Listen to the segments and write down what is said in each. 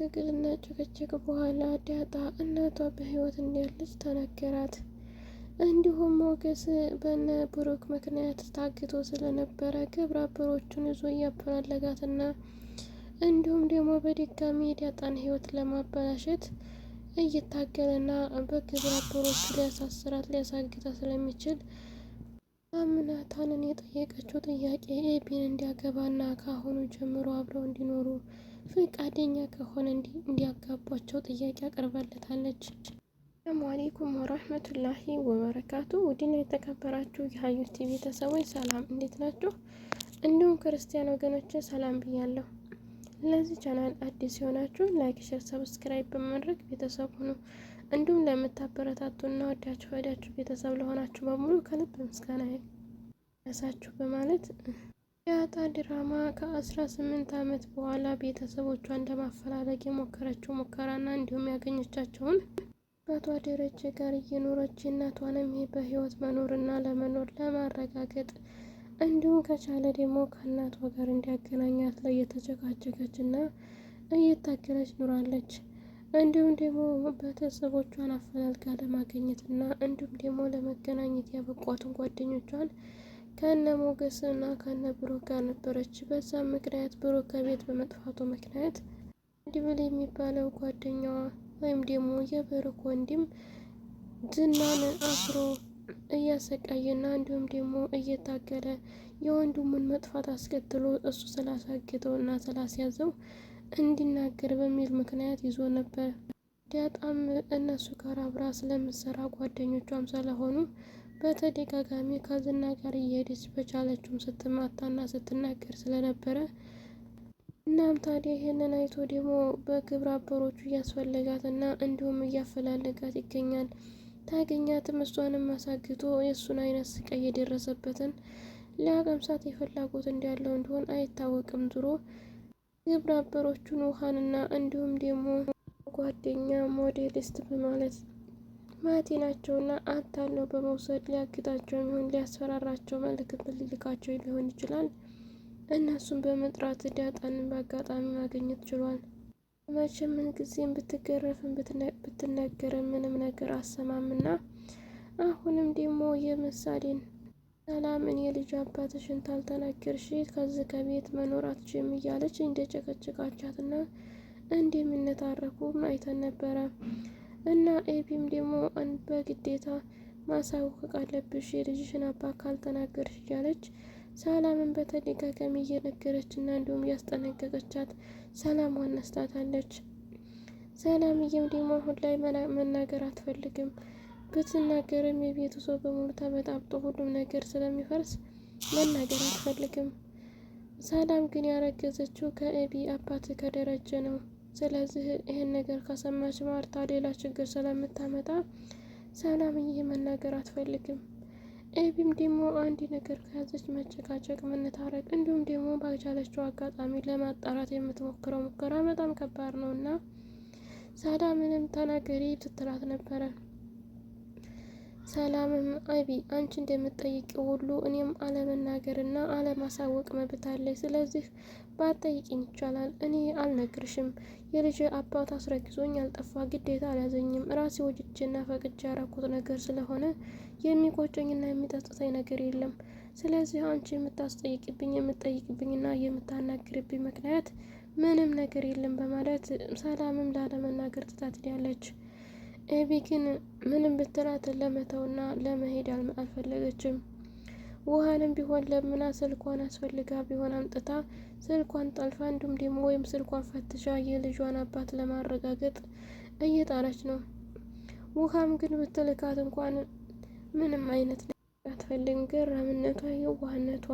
ትግልና ጭቅጭቅ በኋላ ዳጣ እናቷ በህይወት እንዳለች ተነገራት። እንዲሁም ሞገስ በነ ብሩክ ምክንያት ታግቶ ስለነበረ ግብረ አበሮቹን ይዞ እያፈላለጋትና እንዲሁም ደግሞ በድጋሚ የዳጣን ህይወት ለማበላሸት እየታገለና በግብረ አበሮቹ ሊያሳስራት ሊያሳግታ ስለሚችል አምናታንን የጠየቀችው ጥያቄ ኤቢን እንዲያገባና ከአሁኑ ጀምሮ አብረው እንዲኖሩ ፈቃደኛ ከሆነ እንዲያጋቧቸው ጥያቄ አቅርባለታለች። ሰላሙ አሌይኩም ወራህመቱላሂ ወበረካቱ። ውድና የተከበራችሁ የሀዩቲ ቤተሰቦች ሰላም፣ እንዴት ናችሁ? እንዲሁም ክርስቲያን ወገኖች ሰላም ብያለሁ። ለዚህ ቻናል አዲስ የሆናችሁ ላይክ፣ ሸር፣ ሰብስክራይብ በማድረግ ቤተሰብ ሁኑ። እንዲሁም ለምታበረታቱ እና ወዳችሁ ወዳችሁ ቤተሰብ ለሆናችሁ በሙሉ ከልብ ምስጋና ያሳችሁ በማለት የአጣ ድራማ ከአስራ ስምንት አመት በኋላ ቤተሰቦቿን ለማፈላለግ የሞከረችው ሙከራና እንዲሁም ያገኘቻቸውን አቶ ደረጀ ጋር እየኖረች እናቷንም በህይወት መኖርና ለመኖር ለማረጋገጥ እንዲሁም ከቻለ ደግሞ ከእናቷ ጋር እንዲያገናኛት ላይ እየተጨቃጨቀች እና እየታገለች ኑራለች። እንዲሁም ደግሞ ቤተሰቦቿን አፈላልጋ ለማግኘት እና እንዲሁም ደግሞ ለመገናኘት ያበቋትን ጓደኞቿን ከነ ሞገስ እና ከነ ብሩክ ጋር ነበረች። በዛም ምክንያት ብሩክ ከቤት በመጥፋቱ ምክንያት ዲብል የሚባለው ጓደኛዋ ወይም ደግሞ የብሩክ ወንድም ዝናን አስሮ እያሰቃየና እንዲሁም ደግሞ እየታገለ የወንድሙን መጥፋት አስከትሎ እሱ ስላሳግተው እና ስላስያዘው እንዲናገር በሚል ምክንያት ይዞ ነበር። ዳጣም እነሱ ጋር አብራ ስለምሰራ ጓደኞቿም ስለሆኑ በተደጋጋሚ ከዝና ጋር እየሄደች በቻለችውም ስትማታና ስትናገር ስለነበረ እናም ታዲያ ይህንን አይቶ ደግሞ በግብረ አበሮቹ እያስፈለጋትና እንዲሁም እያፈላለጋት ይገኛል። ታገኛትም እሷንም አሳግቶ የእሱን አይነት ስቃይ የደረሰበትን ለአቀምሳት የፈላጎት እንዳለው እንዲሆን አይታወቅም። ድሮ ግብረ አበሮቹን ውሃንና እንዲሁም ደግሞ ጓደኛ ሞዴሊስት በማለት ማቲናቸውና አታለው በመውሰድ ሊያግታቸው የሚሆን ሊያስፈራራቸው መልእክት ሊልካቸው ሊሆን ይችላል። እነሱን በመጥራት ዳጣንን በአጋጣሚ ማግኘት ችሏል። መቼም ምን ጊዜም ብትገረፍም ብትነገረ ምንም ነገር አሰማምና አሁንም ደግሞ የምሳሌን ሰላም የልጅ ልጅ አባትሽን ታልተናገርሽ ከዚህ ከቤት መኖር አትችም እያለች እንደ ጨቀጭቃቻትና እንደሚነታረኩም አይተን ነበረ። እና ኤቢም ደግሞ በግዴታ ማሳወቅ አለብሽ የልጅሽን አባት ካልተናገርሽ እያለች ሰላምን በተደጋጋሚ እየነገረች እና እንዲሁም እያስጠነቀቀቻት ሰላም ዋነስታታለች። ሰላምዬም ደግሞ አሁን ላይ መናገር አትፈልግም። ብትናገርም የቤቱ ሰው በሙሉ ተበጣብጦ ሁሉም ነገር ስለሚፈርስ መናገር አትፈልግም። ሰላም ግን ያረገዘችው ከኤቢ አባት ከደረጀ ነው። ስለዚህ ይህን ነገር ከሰማች ማርታ ሌላ ችግር ስለምታመጣ ሰላምዬ መናገር አትፈልግም። ኤቢም ደግሞ አንድ ነገር ከያዘች መጨቃጨቅ፣ መነታረቅ እንዲሁም ደግሞ ባልቻለችው አጋጣሚ ለማጣራት የምትሞክረው ሙከራ በጣም ከባድ ነው እና ሰላምንም ተናገሪ ትትላት ነበረ። ሰላምም አቢ አንቺ እንደምትጠይቂው ሁሉ እኔም አለመናገርና አለማሳወቅ መብት አለ ስለዚህ ባጠይቅኝ ይቻላል። እኔ አልነግርሽም። የልጅ አባት አስረግዞኝ አልጠፋ ግዴታ አልያዘኝም። ራሴ ወድጄና ፈቅጄ ያረኩት ነገር ስለሆነ የሚቆጨኝና የሚጠጥተኝ ነገር የለም። ስለዚህ አንቺ የምታስጠይቅብኝ የምትጠይቅብኝና የምታናግርብኝ ምክንያት ምንም ነገር የለም በማለት ሰላምም ላለመናገር ትታት ኤቢ ግን ምንም ብትላትን ለመተውና ለመሄድ አልፈለገችም። ውሃንም ቢሆን ለምና ስልኳን አስፈልጋ ቢሆን አምጥታ ስልኳን ጠልፋ እንዲሁም ደግሞ ወይም ስልኳን ፈትሻ የልጇን አባት ለማረጋገጥ እየጣረች ነው። ውሃም ግን ብትልካት እንኳን ምንም አይነት አትፈልግም። ገራምነቷ፣ የዋህነቷ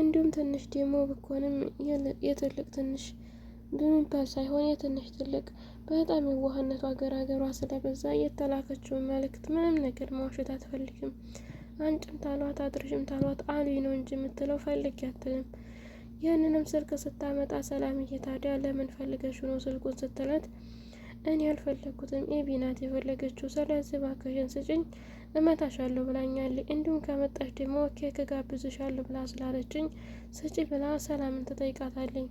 እንዲሁም ትንሽ ደግሞ ብኮንም የትልቅ ትንሽ ብምባል ሳይሆን የትንሽ ትልቅ በጣም የዋህነቱ አገራገሯ ስለበዛ የተላከችውን መልእክት ምንም ነገር ማውሸት አትፈልግም። አንጭም ታሏት አድርሽም ታሏት አሊ ነው እንጂ የምትለው ፈልግ ያትልም። ይህንንም ስልክ ስታመጣ ሰላምዬ ታዲያ ለምን ፈልገሽ ነው ስልኩን ስትላት፣ እኔ ያልፈለግኩትም ኤቢ ናት የፈለገችው፣ ስለዚህ እባክሽን ስጭኝ እመታሻለሁ ብላኛለች። እንዲሁም ከመጣሽ ደግሞ ኬክ ጋብዝሻለሁ ብላ ስላለችኝ ስጪ ብላ ሰላምን ትጠይቃታለኝ።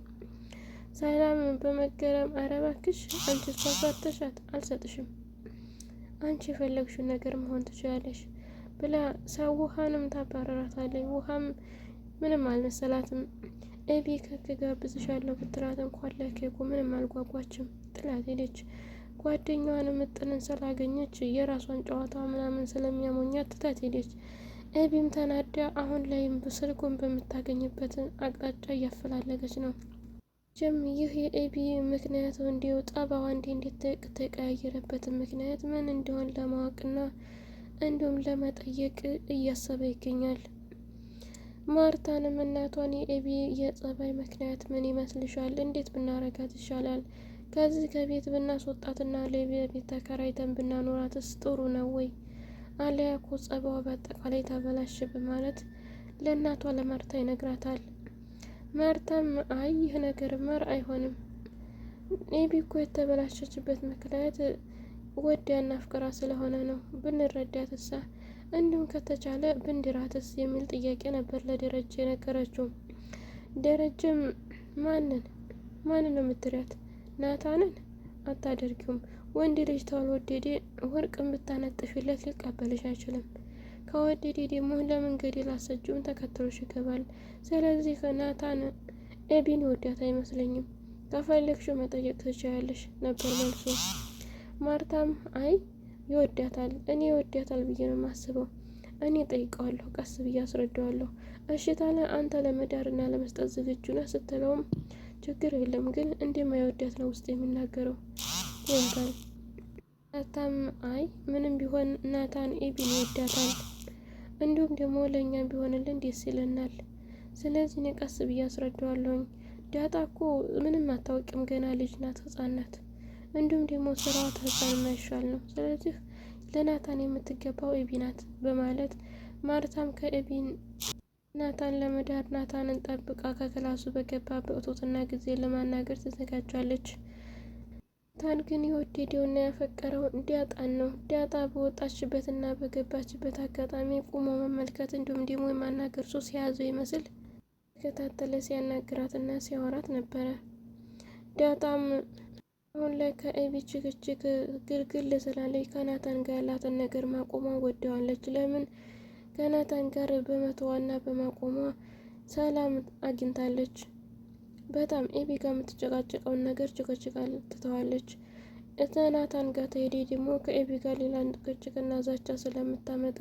ሰላም በመገረም ኧረ እባክሽ አንቺ እሷ አልሰጥሽም፣ አንቺ የፈለግሽው ነገር መሆን ትችላለሽ ብላ ሰው ውሃንም ታባረራታለች። ውሃም ምንም አልመሰላትም። ኤቢ ከክ ጋብዝሻለሁ ብትላት እንኳን ለኬኩ ምንም አልጓጓችም፣ ጥላት ሄደች። ጓደኛዋን ምጥንን ስላገኘች የራሷን ጨዋታ ምናምን ስለሚያሞኛት ትታት ሄደች። ኤቢም ተናዳ አሁን ላይም ስልኩን በምታገኝበት አቅጣጫ እያፈላለገች ነው። ጀም ይህ የኤቢ ምክንያት እንዲወጣ ጠባዋ እንዲህ እንዲተቀያየረበት ምክንያት ምን እንዲሆን ለማወቅና እንዲሁም ለመጠየቅ እያሰበ ይገኛል። ማርታንም እናቷን የኤቢ የጸባይ ምክንያት ምን ይመስልሻል? እንዴት ብናረጋት ይሻላል? ከዚህ ከቤት ብናስወጣትና ለቤት ተከራይተን ብናኖራትስ ጥሩ ነው ወይ? አለያኮ እኮ ጸባዋ በአጠቃላይ ተበላሽ በማለት ለእናቷ ለማርታ ይነግራታል። ማርታም አይ ይህ ነገር ማር አይሆንም፣ ኤቢ እኮ የተበላሸችበት ምክንያት ወዳና ፍቅራ ስለሆነ ነው ብንረዳት እሳ እንዲሁም ከተቻለ ብንድራትስ የሚል ጥያቄ ነበር ለደረጀ የነገረችው። ደረጀም ማንን ማንን ነው የምትሪያት? ናታንን አታደርጊውም። ወንድ ልጅ ተወልወደዴ ወርቅ የምታነጥፊለት ሊቀበልሽ አይችልም። ከወደዴ ደግሞ ለመንገድ ላሰጁም ተከትሎሽ ይገባል። ስለዚህ ናታን ኤቢን ወዳት አይመስለኝም። ከፈለግሽው መጠየቅ ትችያለሽ ነበር መልሶ። ማርታም አይ ይወዳታል፣ እኔ ይወዳታል ብዬ ነው የማስበው። እኔ ጠይቀዋለሁ፣ ቀስ ብዬ አስረዳዋለሁ። እሽታ ላይ አንተ ለመዳርና ለመስጠት ዝግጁ ነህ ስትለውም ችግር የለም ግን እንደማይወዳት ነው ውስጥ የሚናገረው ይወዳል። ናታም አይ ምንም ቢሆን ናታን ኤቢን ይወዳታል እንዲሁም ደግሞ ለእኛ ቢሆንልን ደስ ይለናል። ስለዚህ እኔ ቀስ ብዬ አስረዳዋለሁኝ። ዳጣ እኮ ምንም አታውቅም፣ ገና ልጅ ናት፣ ህፃን ናት። እንዲሁም ደግሞ ስራዋ ተህፃን የማይሻል ነው። ስለዚህ ለናታን የምትገባው ኤቢ ናት በማለት ማርታም ከኤቢን ናታን ለመዳር ናታንን ጠብቃ ከክላሱ በገባ በእቶትና ጊዜ ለማናገር ትዘጋጃለች። ናታን ግን የወደደውና ያፈቀረው ዳጣን ነው። ዳጣ በወጣችበትና በገባችበት አጋጣሚ ቁሞ መመልከት እንዲሁም ደግሞ የማናገር ሱስ የያዘው ይመስል ተከታተለ ሲያናግራትና ሲያወራት ነበረ። ዳጣም አሁን ላይ ከኤቢ ችግችግ ግልግል ስላለች ከናታን ጋር ያላትን ነገር ማቆሟ ወደዋለች። ለምን ከናታን ጋር በመተዋና በማቆሟ ሰላም አግኝታለች። በጣም ኤቢ ጋር የምትጨቃጨቀውን ነገር ጭቅጭቃ ትተዋለች። ከናታን ጋር ተሄዴ ደግሞ ከኤቢ ጋር ሌላ ጭቅጭቅና ዛቻ ስለምታመጣ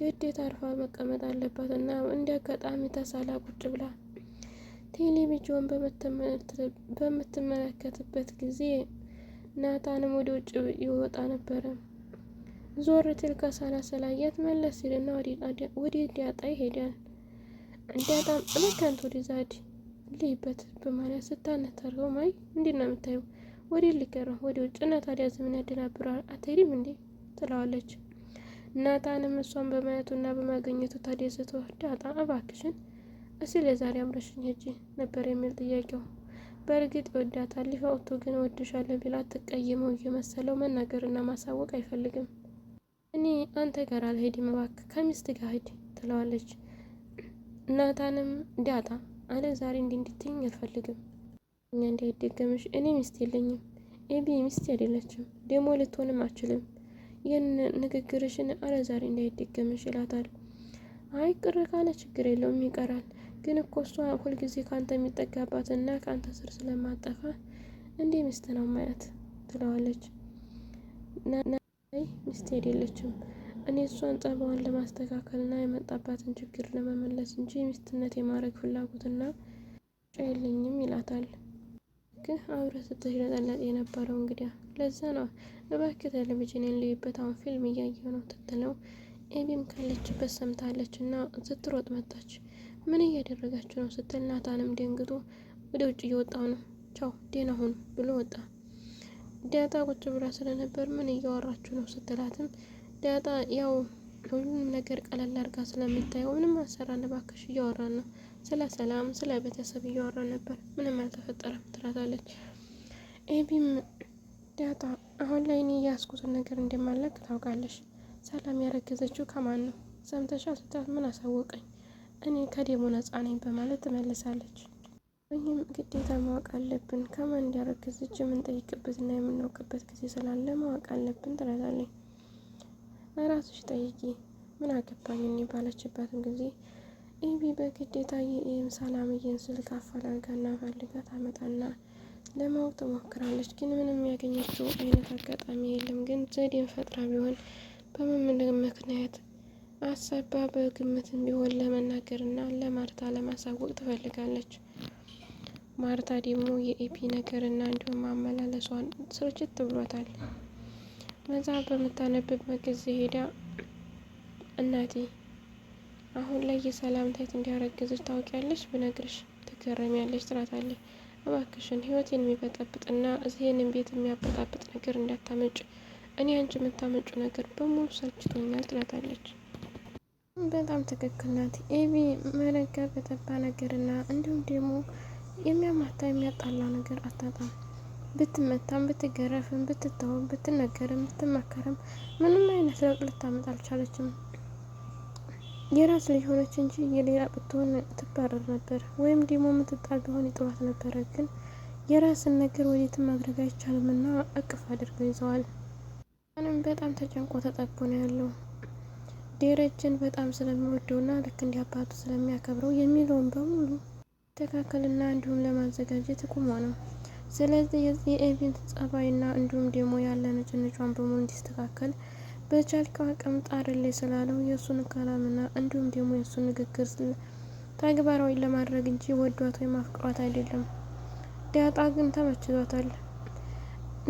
ግዴታ አርፋ መቀመጥ አለባት እና እንደ አጋጣሚ ተሳላ ቁጭ ብላ ቴሌቪዥን በምትመለከትበት ጊዜ ናታንም ወደ ውጭ ይወጣ ነበረ። ዞር ትል ከሳላ ስላያት መለስ ሲልና ወደ ዲያጣ ይሄዳል። ዳጣም እመከንት ወደ ዛዲ ልይበት በማለት ስታነታርገው ማይ እንዴት ነው የምታየው? ወደ ሊቀር ነው ወደ ውጭ እና ታዲያ ዘምን ያደናብረዋል አትሄድም እንዴ ትለዋለች። ናታንም እሷን እና በማገኘቱ ስቶ ዳጣ እባክሽን እስኪ ለዛሬ አምረሽን ሂጂ ነበር የሚል ጥያቄው። በእርግጥ ይወዳታል። ሊፈውቶ ግን እወድሻለሁ ቢላ ትቀየመው እየመሰለው መናገርና ማሳወቅ አይፈልግም። እኔ አንተ ጋር አልሄድም እባክህ ከሚስት ጋር ሂድ ትለዋለች። እናታንም ዳጣ አለ ዛሬ እንዲህ እንድትይኝ አልፈልግም። እኛ እንዳይደገምሽ። እኔ ሚስት የለኝም። ኤቢ ሚስት አይደለችም፣ ደግሞ ልትሆንም አችልም። ይህን ንግግርሽን አለ ዛሬ እንዳይደገምሽ ይላታል። አይ ቅር ካለ ችግር የለውም ይቀራል። ግን እኮ እሷ ሁልጊዜ ከአንተ የሚጠጋባትና ከአንተ ስር ስለማጠፋ እንዲህ ሚስት ነው ማያት ትለዋለች። ናይ ሚስት አይደለችም እኔ እሷን ጸባዋን ለማስተካከልና የመጣባትን ችግር ለመመለስ እንጂ ሚስትነት የማድረግ ፍላጎትና ምርጫ የለኝም ይላታል። ግን አብረህ ስትሽለጠለጥ የነበረው እንግዲያ ለዛ ነው። እባክህ ቴሌቪዥን ልዩበት፣ አሁን ፊልም እያየው ነው ትትለው ኤቢም ካለችበት ሰምታለች እና ስትሮጥ መጣች። ምን እያደረጋችሁ ነው ስትል ናታንም ደንግጦ ወደ ውጭ እየወጣው ነው ቻው ዴና ሁኑ ብሎ ወጣ። ዳታ ቁጭ ብላ ስለነበር ምን እያወራችሁ ነው ስትላትም ዳጣ ያው ሁሉንም ነገር ቀለል አድርጋ ስለምታየው ምንም አሰራ እባክሽ እያወራን ነው፣ ስለ ሰላም ስለ ቤተሰብ እያወራን ነበር፣ ምንም አልተፈጠረም ትላታለች። ኤቢም ዳጣ አሁን ላይ እኔ እያስኩትን ነገር እንደማለቅ ታውቃለሽ። ሰላም ያረገዘችው ከማን ነው ሰምተሻ ስታት ምን አሳወቀኝ እኔ ከደሞ ነጻ ነኝ በማለት ትመልሳለች። ይህም ግዴታ ማወቅ አለብን ከማን እንዲያረገዘች የምንጠይቅበትና የምናውቅበት ጊዜ ስላለ ማወቅ አለብን ትላታለች። ራስሽ ጠይቂ ምን አገባኝ እኔ ባለችበትም ጊዜ ኢቢ በግዴታ የኢም ሰላምዬን ስልክ አፈላልጋና ፈልጋ ታመጣና ለማወቅ ትሞክራለች። ግን ምንም ያገኘችው አይነት አጋጣሚ የለም። ግን ዘዴን ፈጥራ ቢሆን በምን ምክንያት አሰባ በግምትም ቢሆን ለመናገርና ለማርታ ለማሳወቅ ትፈልጋለች። ማርታ ደግሞ የኢቢ ነገርና እንዲሁም አመላለሷን ስርጭት ትብሎታል። መጽሐፍ በምታነብበት ጊዜ ሄዳ እናቴ አሁን ላይ የሰላም ታይት እንዲያረግዝሽ ታውቂያለሽ? ብነግርሽ ትገረሚያለሽ ትላታለች። እባክሽን ህይወቴን የሚበጠብጥና እዚህንም ቤት የሚያበጣብጥ ነገር እንዳታመጭ፣ እኔ አንቺ የምታመጩ ነገር በሙሉ ሰልችቶኛል ትላታለች። በጣም ትክክል ናት ኤቢ። መረጋ በጠባ ነገርና እንዲሁም ደግሞ የሚያማታ የሚያጣላ ነገር አታጣም። ብትመታም ብትገረፍም ብትተውም ብትነገርም ብትመከርም ምንም አይነት ለውጥ ልታመጣ አልቻለችም። የራስ ልጅ ሆነች እንጂ የሌላ ብትሆን ትባረር ነበር፣ ወይም ደግሞ ምትጣል ቢሆን ይጥሏት ነበረ። ግን የራስን ነገር ወዴትም ማድረግ አይቻልም እና እቅፍ አድርገው ይዘዋል። አንም በጣም ተጨንቆ ተጠቦ ነው ያለው። ደረጀን በጣም ስለሚወደው እና ልክ እንዲ አባቱ ስለሚያከብረው የሚለውን በሙሉ ተካከልና እንዲሁም ለማዘጋጀት ቁሞ ነው። ስለዚህ የኤቤል ጸባይና እንዲሁም ደግሞ ያለ ንጭንጯን በሙሉ እንዲስተካከል በቻልከው አቅም ጣርልኝ ስላለው የእሱን ካላምና እንዲሁም ደግሞ የእሱን ንግግር ተግባራዊ ለማድረግ እንጂ ወዷት ወይም አፍቅሯት አይደለም። ዳጣ ግን ተመችቷታል።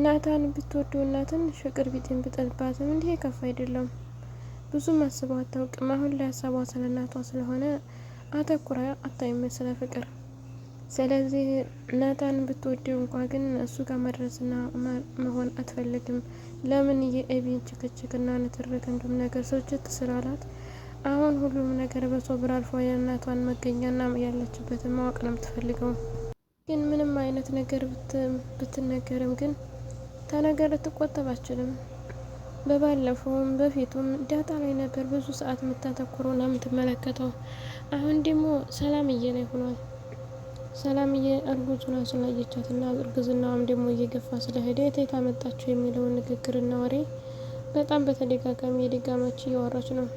ናታን ብትወደውና ትንሽ ፍቅር ቢጤን ብጠልባትም እንዲህ የከፍ አይደለም። ብዙም አስበው አታውቅም። አሁን ላይ ሀሳቧ ስለ እናቷ ስለሆነ አተኩራ አታይም ስለ ፍቅር ስለዚህ ናታን ብትወደው እንኳ ግን እሱ ጋር መድረስና መሆን አትፈልግም። ለምን የኤቢን ችክችክና ንትርክ እንዲሁም ነገር ስርጭት ስላላት አሁን ሁሉም ነገር በሶብር አልፎ የእናቷን መገኛና ያለችበትን ማወቅ ነው የምትፈልገው። ግን ምንም አይነት ነገር ብትነገርም ግን ተነገር ልትቆጠብ አችልም። በባለፈውም በፊቱም ዳጣ ላይ ነበር ብዙ ሰዓት የምታተኩረውና የምትመለከተው። አሁን ደግሞ ሰላምዬ ላይ ሆኗል። ሰላምዬ እርጉዙን ስላየቻትና እርግዝናዋም ደግሞ እየገፋ ስለሄደ የት አመጣችው የሚለውን ንግግርና ወሬ በጣም በተደጋጋሚ የደጋማች እያወራች ነው።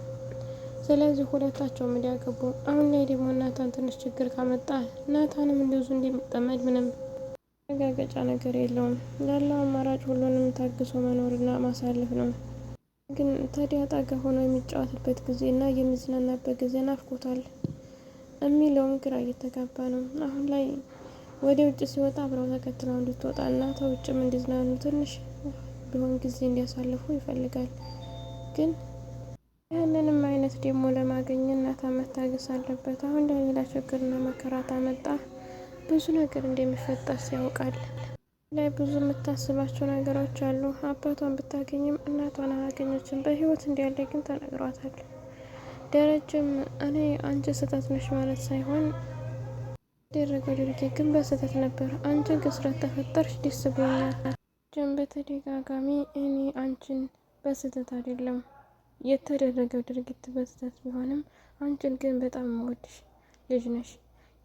ስለዚህ ሁለታቸውም እንዲያገቡ አሁን ላይ ደግሞ እናታን ትንሽ ችግር ካመጣ እናታንም እንደዙ እንደሚጠመድ ምንም መረጋገጫ ነገር የለውም። ያለው አማራጭ ሁሉንም ታግሶ መኖርና ማሳለፍ ነው። ግን ታዲያ ጣጋ ሆኖ የሚጫወትበት ጊዜና የሚዝናናበት ጊዜ ናፍቆታል። የሚለውም ግራ እየተጋባ ነው። አሁን ላይ ወደ ውጭ ሲወጣ አብረው ተከትለው እንድትወጣ እና ተውጭም እንዲዝናኑ ትንሽ ቢሆን ጊዜ እንዲያሳልፉ ይፈልጋል። ግን ይህንንም አይነት ደግሞ ለማገኘ እናቷ መታገስ አለበት። አሁን ለሌላ ችግርና መከራ ታመጣ ብዙ ነገር እንደሚፈጠር ሲያውቃል ላይ ብዙ የምታስባቸው ነገሮች አሉ። አባቷን ብታገኝም እናቷን አላገኘችም። በህይወት እንዳለ ግን ተነግሯታል። ደረጀም እኔ አንቺ ስህተት ነሽ ማለት ሳይሆን ያደረገው ድርጊት ግን በስህተት ነበር። አንቺ ግስረት ተፈጠርሽ ደስ ብሎኛል። ደረጀም በተደጋጋሚ እኔ አንቺን በስህተት አይደለም የተደረገው ድርጊት በስህተት ቢሆንም አንቺን ግን በጣም የምወድሽ ልጅ ነሽ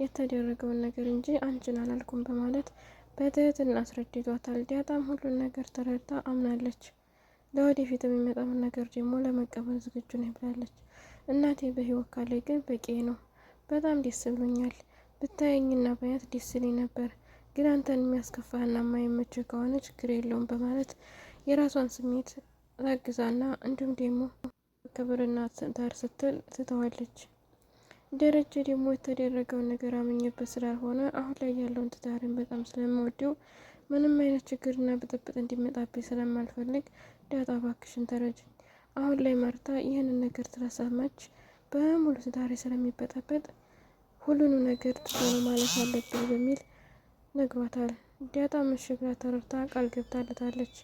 የተደረገውን ነገር እንጂ አንቺን አላልኩም በማለት በትህትና አስረድቷታል። ዳጣም ሁሉን ነገር ተረድታ አምናለች። ለወደፊት የሚመጣውን ነገር ደግሞ ለመቀበል ዝግጁ ነኝ ብላለች። እናቴ በህይወት ካለ ግን በቂ ነው። በጣም ደስ ብሎኛል። ብታየኝና ባያት ደስ ይለኝ ነበር፣ ግን አንተን የሚያስከፋህና የማይመች ከሆነ ችግር የለውም በማለት የራሷን ስሜት ታግዛና እንዲሁም ደግሞ ክብርና ትዳር ስትል ትተዋለች። ደረጀ ደግሞ የተደረገውን ነገር አምኜበት ስላልሆነ አሁን ላይ ያለውን ትዳርን በጣም ስለምወደው ምንም አይነት ችግርና ብጥብጥ እንዲመጣብኝ ስለማልፈልግ ዳጣ እባክሽን ተረጅኝ አሁን ላይ ማርታ ይህንን ነገር ትረሳማች። በሙሉ ትዳሬ ስለሚበጠበጥ ሁሉንም ነገር ትቶ ማለት አለብን በሚል ነግሯታል። ዳጣ እሺ ተረርታ ቃል ገብታለታለች።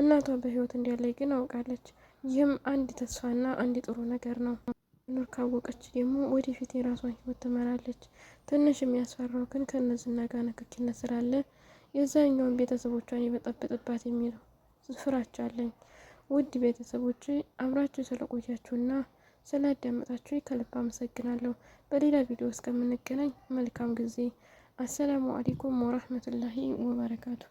እናቷ በህይወት እንዳለች ግን አውቃለች። ይህም አንድ ተስፋና አንድ ጥሩ ነገር ነው። ኑር ካወቀች ደግሞ ወደፊት የራሷን ህይወት ትመራለች። ትንሽ የሚያስፈራው ግን ከእነዚህና ጋር ንክኪነት ስላለ የዛኛውን ቤተሰቦቿን የበጠበጥባት የሚለው ፍራቻ አለኝ። ውድ ቤተሰቦች አብራችሁ ስለቆያችሁና ስላዳመጣችሁ ከልብ አመሰግናለሁ። በሌላ ቪዲዮ እስከምንገናኝ መልካም ጊዜ። አሰላሙ አሌይኩም ወራህመቱላሂ ወበረካቱ።